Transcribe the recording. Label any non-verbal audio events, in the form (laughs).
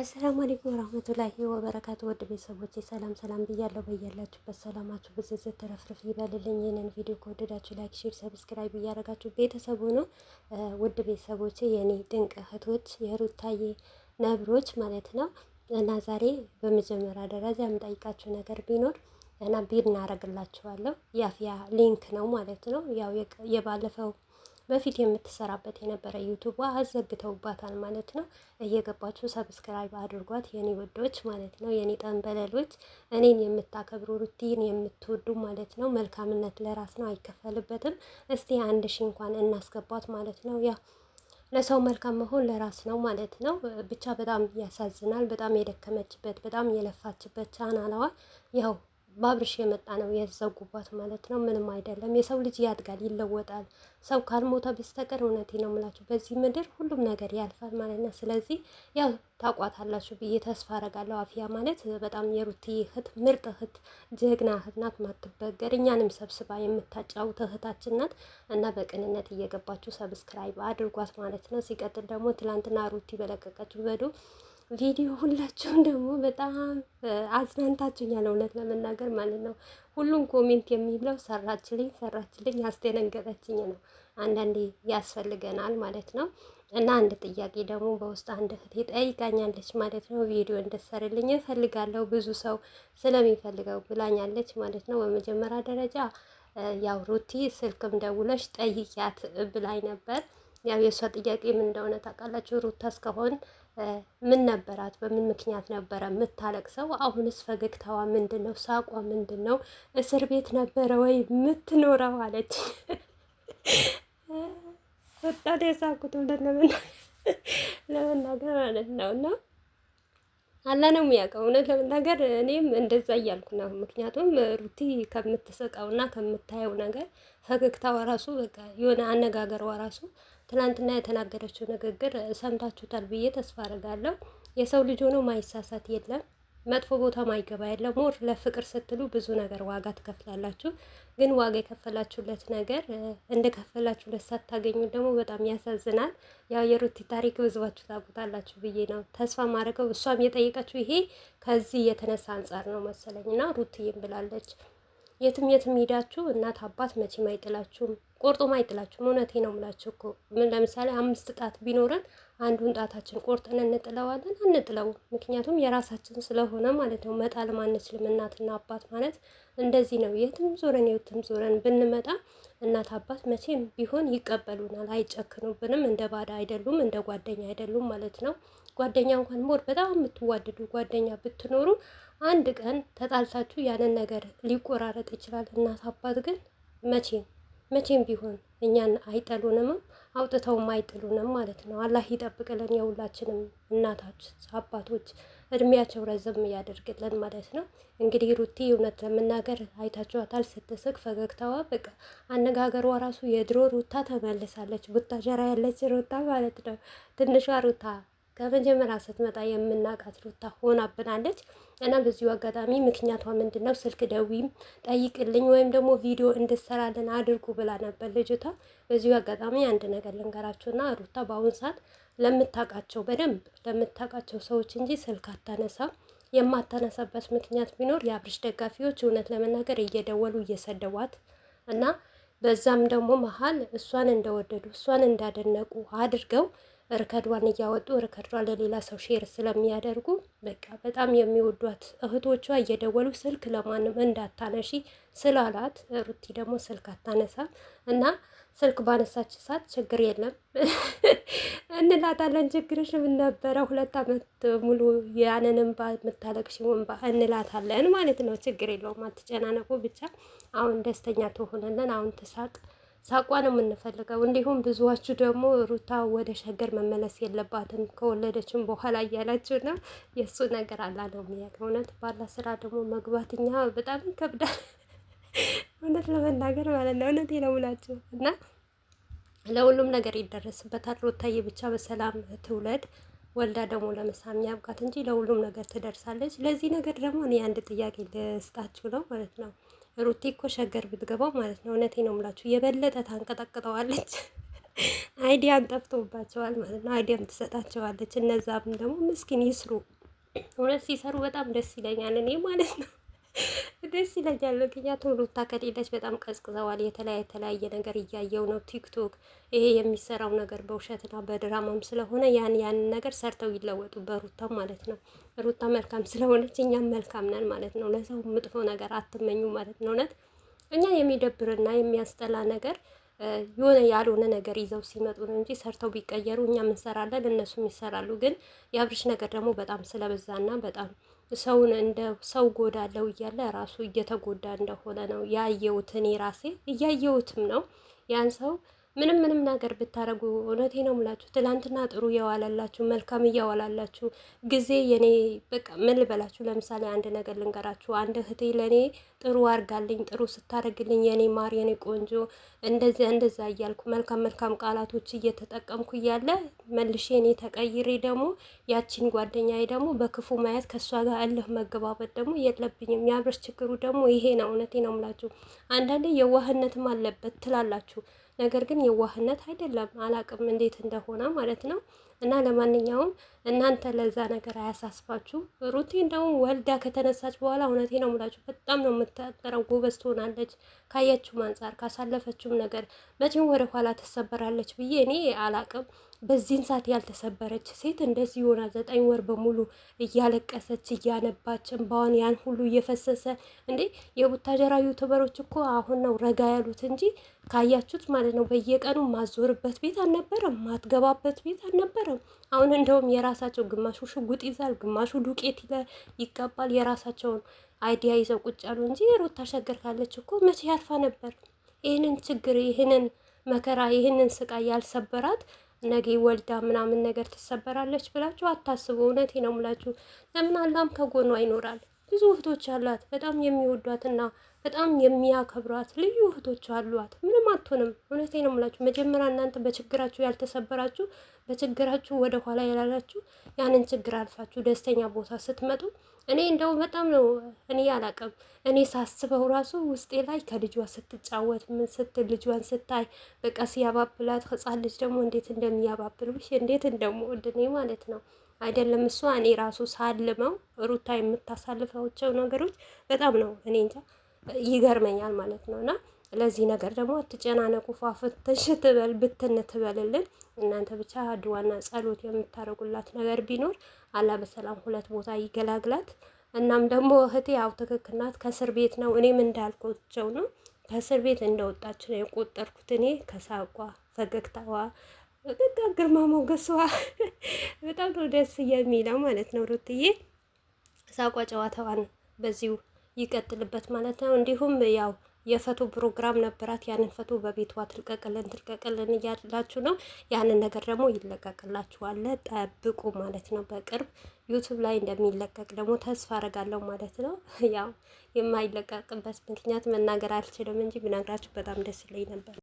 አሰላሙ አለይኩም ወራህመቱላሂ ወበረካቱ። ውድ ቤተሰቦች ሰላም ሰላም ብያለሁ። በያላችሁበት ሰላማችሁ ብዝዝ ተረፍርፍ ይበልልኝ። ይህንን ቪዲዮ ከወደዳችሁ ላይክ፣ ሼር፣ ሰብስክራይብ እያደረጋችሁ ቤተሰቡ ነው። ውድ ቤተሰቦቼ የእኔ ድንቅ እህቶች የሩታዬ ነብሮች ማለት ነው እና ዛሬ በመጀመሪያ ደረጃ የምጠይቃችሁ ነገር ቢኖር እና ቢድ እናደርግላችኋለሁ የአፍያ ሊንክ ነው ማለት ነው ያው የባለፈው በፊት የምትሰራበት የነበረ ዩቱቧ አዘግተውባታል ማለት ነው። እየገባችሁ ሰብስክራይብ አድርጓት የኔ ወዶች ማለት ነው፣ የኔ ጠንበለሎች፣ እኔን የምታከብሩ ሩቲን የምትወዱ ማለት ነው። መልካምነት ለራስ ነው፣ አይከፈልበትም። እስቲ አንድ ሺ እንኳን እናስገባት ማለት ነው ያ ለሰው መልካም መሆን ለራስ ነው ማለት ነው። ብቻ በጣም ያሳዝናል። በጣም የደከመችበት በጣም የለፋችበት ቻናላዋ ያው ባብርሽ የመጣ ነው የዘጉባት ማለት ነው። ምንም አይደለም። የሰው ልጅ ያድጋል፣ ይለወጣል። ሰው ካልሞተ በስተቀር እውነቴ ነው የምላችሁ በዚህ ምድር ሁሉም ነገር ያልፋል ማለት ነው። ስለዚህ ያው ታቋታላችሁ ብዬ ተስፋ አረጋለሁ። አፍያ ማለት በጣም የሩቲ እህት ምርጥ እህት ጀግና እህት ናት፣ ማትበገር እኛንም ሰብስባ የምታጫውት እህታችን ናት እና በቅንነት እየገባችሁ ሰብስክራይብ አድርጓት ማለት ነው። ሲቀጥል ደግሞ ትላንትና ሩቲ በለቀቀችው በዱ ቪዲዮ ሁላችሁም ደግሞ በጣም አዝናንታችሁኛል፣ እውነት ለመናገር ማለት ነው። ሁሉም ኮሜንት የሚለው ሰራችልኝ፣ ሰራችልኝ፣ አስደነገጠችኝ ነው። አንዳንዴ ያስፈልገናል ማለት ነው። እና አንድ ጥያቄ ደግሞ በውስጥ አንድ እህቴ ጠይቃኛለች ማለት ነው። ቪዲዮ እንድትሰርልኝ እፈልጋለሁ ብዙ ሰው ስለሚፈልገው ብላኛለች ማለት ነው። በመጀመሪያ ደረጃ ያው ሩቲ ስልክም ደውለሽ ጠይቂያት ብላኝ ነበር። ያው የእሷ ጥያቄ ምን እንደሆነ ታውቃላችሁ ሩታ እስከሆን ምን ነበራት? በምን ምክንያት ነበረ የምታለቅሰው? አሁንስ ፈገግታዋ ምንድን ነው? ሳቋ ምንድን ነው? እስር ቤት ነበረ ወይ የምትኖረው አለች። ወጣት የሳቁት ለመናገር ማለት ነው እና አላ ነው የሚያውቀው። እውነት ለመናገር እኔም እንደዛ እያልኩ ነው። ምክንያቱም ሩቲ ከምትስቀውና ከምታየው ነገር ፈገግታዋ ራሱ በቃ የሆነ አነጋገሯ ራሱ ትናንትና የተናገረችው ንግግር ሰምታችሁታል ብዬ ተስፋ አድርጋለሁ። የሰው ልጅ ሆኖ ማይሳሳት የለም። መጥፎ ቦታ ማይገባ ያለ ሞር ለፍቅር ስትሉ ብዙ ነገር ዋጋ ትከፍላላችሁ። ግን ዋጋ የከፈላችሁለት ነገር እንደ ከፈላችሁለት ሳታገኙ ደግሞ በጣም ያሳዝናል። ያው የሩቲ ታሪክ ብዙባችሁ ታውቁታላችሁ ብዬ ነው ተስፋ ማድረገው። እሷም የጠየቀችው ይሄ ከዚህ የተነሳ አንጻር ነው መሰለኝ እና ሩትዬም ብላለች የትም የትም ሂዳችሁ እናት አባት መቼም አይጥላችሁም ቆርጦም አይጥላችሁም። እውነቴ ነው የምላችሁ እኮ ምን ለምሳሌ አምስት ጣት ቢኖረን አንዱን ጣታችን ቆርጠን እንጥለዋለን አንጥለውም። ምክንያቱም የራሳችን ስለሆነ ማለት ነው። መጣልም ማንችልም እናትና አባት ማለት እንደዚህ ነው። የትም ዞረን የትም ዞረን ብንመጣ እናት አባት መቼም ቢሆን ይቀበሉናል፣ አይጨክኑብንም። እንደ ባዳ አይደሉም፣ እንደ ጓደኛ አይደሉም ማለት ነው። ጓደኛ እንኳን ሞር በጣም የምትዋደዱ ጓደኛ ብትኖሩ አንድ ቀን ተጣልታችሁ ያንን ነገር ሊቆራረጥ ይችላል። እናት አባት ግን መቼም መቼም ቢሆን እኛን አይጠሉንምም አውጥተውም አይጥሉንም ማለት ነው። አላህ ይጠብቅልን የሁላችንም እናቶች፣ አባቶች እድሜያቸው ረዘም እያደርግልን ማለት ነው። እንግዲህ ሩቲ እውነት ለመናገር አይታችኋታል ስትስቅ ፈገግታዋ በቃ አነጋገሯ ራሱ የድሮ ሩታ ተመልሳለች። ቡታጀራ ያለች ሩታ ማለት ነው። ትንሿ ሩታ ከመጀመሪያ ስትመጣ የምናውቃት ሩታ ሆናብናለች እና በዚሁ አጋጣሚ ምክንያቷ ምንድን ነው? ስልክ ደዊም ጠይቅልኝ ወይም ደግሞ ቪዲዮ እንድሰራልን አድርጉ ብላ ነበር ልጅቷ። በዚሁ አጋጣሚ አንድ ነገር ልንገራችሁና ሩታ በአሁኑ ሰዓት ለምታቃቸው በደንብ ለምታቃቸው ሰዎች እንጂ ስልክ አታነሳ የማታነሳበት ምክንያት ቢኖር የአብርሽ ደጋፊዎች እውነት ለመናገር እየደወሉ እየሰደቧት እና በዛም ደግሞ መሀል እሷን እንደወደዱ እሷን እንዳደነቁ አድርገው ርከዷን እያወጡ እርከዷን ለሌላ ሰው ሼር ስለሚያደርጉ በቃ በጣም የሚወዷት እህቶቿ እየደወሉ ስልክ ለማንም እንዳታነሺ ስላላት፣ ሩቲ ደግሞ ስልክ አታነሳ እና ስልክ ባነሳች ሰዓት ችግር የለም (laughs) እንላታለን። ችግርሽ ምን ነበረ? ሁለት አመት ሙሉ ያንን እንባ የምታለቅሽው እንባ እንላታለን ማለት ነው። ችግር የለውም አትጨናነቁ፣ ብቻ አሁን ደስተኛ ትሆናለን። አሁን ትሳቅ፣ ሳቋ ነው የምንፈልገው። እንዲሁም ብዙዎቹ ደግሞ ሩታ ወደ ሸገር መመለስ የለባትም ከወለደችም በኋላ እያላችሁ ነው። የእሱ ነገር አላ ነው የሚያውቅ። እውነት ባላ ስራ ደግሞ መግባት እኛ በጣም ይከብዳል፣ (laughs) እውነት ለመናገር ማለት ነው። እውነት የለውላችሁ እና ለሁሉም ነገር ይደረስበታል። ሩታዬ ብቻ በሰላም ትውለድ ወልዳ ደግሞ ለመሳም ያብቃት እንጂ ለሁሉም ነገር ትደርሳለች። ለዚህ ነገር ደግሞ እኔ አንድ ጥያቄ ልስጣችሁ ነው ማለት ነው። ሩቲ እኮ ሸገር ብትገባው ማለት ነው፣ እውነቴ ነው የምላችሁ የበለጠ ታንቀጠቅጠዋለች። (laughs) አይዲያን ጠፍቶባቸዋል ማለት ነው። አይዲያም ትሰጣቸዋለች። እነዛም ደግሞ ምስኪን ይስሩ። እውነት ሲሰሩ በጣም ደስ ይለኛል እኔ ማለት ነው። ደስ ይለኛል። ምክንያቱም ሩታ ከሌለች በጣም ቀዝቅዘዋል። የተለያየ የተለያየ ነገር እያየው ነው ቲክቶክ። ይሄ የሚሰራው ነገር በውሸትና በድራማም ስለሆነ ያን ያንን ነገር ሰርተው ይለወጡ በሩታም ማለት ነው። ሩታ መልካም ስለሆነች እኛም መልካም ነን ማለት ነው። ለሰው ምጥፎ ነገር አትመኙ ማለት ነው። እውነት እኛ የሚደብርና የሚያስጠላ ነገር የሆነ ያልሆነ ነገር ይዘው ሲመጡ ነው እንጂ ሰርተው ቢቀየሩ እኛም እንሰራለን እነሱም ይሰራሉ። ግን የአብርሽ ነገር ደግሞ በጣም ስለበዛና በጣም ሰውን እንደ ሰው ጎዳለው እያለ ራሱ እየተጎዳ እንደሆነ ነው ያየሁት። እኔ ራሴ እያየሁትም ነው ያን ሰው ምንም ምንም ነገር ብታደርጉ እውነቴ ነው የምላችሁ፣ ትላንትና ጥሩ እያዋላላችሁ መልካም እያዋላላችሁ ጊዜ የኔ በቃ ምን ልበላችሁ። ለምሳሌ አንድ ነገር ልንገራችሁ። አንድ እህቴ ለእኔ ጥሩ አርጋልኝ፣ ጥሩ ስታደረግልኝ የኔ ማር፣ የኔ ቆንጆ፣ እንደዚያ እንደዛ እያልኩ መልካም መልካም ቃላቶች እየተጠቀምኩ እያለ መልሼ እኔ ተቀይሬ ደግሞ ያቺን ጓደኛዬ ደግሞ በክፉ ማየት ከእሷ ጋር እልህ መገባበት ደግሞ የለብኝም። ያብረስ ችግሩ ደግሞ ይሄ ነው። እውነቴ ነው ምላችሁ። አንዳንዴ የዋህነትም አለበት ትላላችሁ ነገር ግን የዋህነት አይደለም፣ አላቅም እንዴት እንደሆነ ማለት ነው። እና ለማንኛውም እናንተ ለዛ ነገር አያሳስባችሁ። ሩቴ እንደውም ወልዳ ከተነሳች በኋላ እውነቴ ነው ሙላችሁ በጣም ነው የምታጠረው፣ ጎበዝ ትሆናለች። ካያችሁም አንጻር ካሳለፈችውም ነገር መቼም ወደኋላ ትሰበራለች ብዬ እኔ አላቅም። በዚህን ሰዓት ያልተሰበረች ሴት እንደዚህ ሆና ዘጠኝ ወር በሙሉ እያለቀሰች እያነባች እንባዋን ያን ሁሉ እየፈሰሰ እንዴ! የቡታጀራ ዩቱበሮች እኮ አሁን ነው ረጋ ያሉት እንጂ ካያችሁት ማለት ነው በየቀኑ ማዞርበት ቤት አልነበረም፣ ማትገባበት ቤት አልነበረም። አሁን እንደውም የራሳቸው ግማሹ ሽጉጥ ይዛል፣ ግማሹ ዱቄት ይቀባል። የራሳቸውን አይዲያ ይዘው ቁጭ ያሉ እንጂ ሩታ ሸገር ካለች እኮ መቼ ያርፋ ነበር? ይህንን ችግር ይህንን መከራ ይህንን ስቃይ ያልሰበራት ነገ ወልዳ ምናምን ነገር ትሰበራለች ብላችሁ አታስቡ። እውነቴ ነው የምላችሁ። ለምን አላም ከጎኗ ይኖራል። ብዙ እህቶች አሏት። በጣም የሚወዷትና በጣም የሚያከብሯት ልዩ እህቶች አሏት። ምንም አትሆንም። እውነቴ ነው የምላችሁ። መጀመሪያ እናንተ በችግራችሁ ያልተሰበራችሁ፣ በችግራችሁ ወደ ኋላ ያላላችሁ፣ ያንን ችግር አልፋችሁ ደስተኛ ቦታ ስትመጡ እኔ እንደው በጣም ነው እኔ አላቅም። እኔ ሳስበው ራሱ ውስጤ ላይ ከልጇ ስትጫወት ምን ስትል ልጇን ስታይ በቃ ሲያባብላት፣ ህፃን ልጅ ደግሞ እንዴት እንደሚያባብል እንዴት እንደምወድ እኔ ማለት ነው አይደለም እሷ እኔ ራሱ ሳልመው ሩታ የምታሳልፋቸው ነገሮች በጣም ነው እኔ እንጃ ይገርመኛል ማለት ነው። እና ለዚህ ነገር ደግሞ አትጨናነቁ፣ ፏፍተሽ ትበል ብትን ትበልልን እናንተ ብቻ አድዋና ጸሎት የምታደርጉላት ነገር ቢኖር አላ በሰላም ሁለት ቦታ ይገላግላት። እናም ደግሞ እህቴ ያው ትክክል ናት። ከእስር ቤት ነው እኔም እንዳልኮቸው ነው ከእስር ቤት እንደወጣች ነው የቆጠርኩት እኔ ከሳቋ ፈገግታዋ በቃ ግርማ ሞገሷ (laughs) በጣም ነው ደስ የሚለው ማለት ነው። ሩትዬ ሳቋ ጨዋታዋን በዚሁ ይቀጥልበት ማለት ነው። እንዲሁም ያው የፈቶ ፕሮግራም ነበራት። ያንን ፈቶ በቤቷ ትልቀቅልን ትልቀቅልን እያላችሁ ነው። ያንን ነገር ደግሞ ይለቀቅላችኋል፣ ጠብቁ ማለት ነው። በቅርብ ዩቱብ ላይ እንደሚለቀቅ ደግሞ ተስፋ አረጋለሁ ማለት ነው። ያው የማይለቀቅበት ምክንያት መናገር አልችልም እንጂ ብነግራችሁ በጣም ደስ ይለኝ ነበር።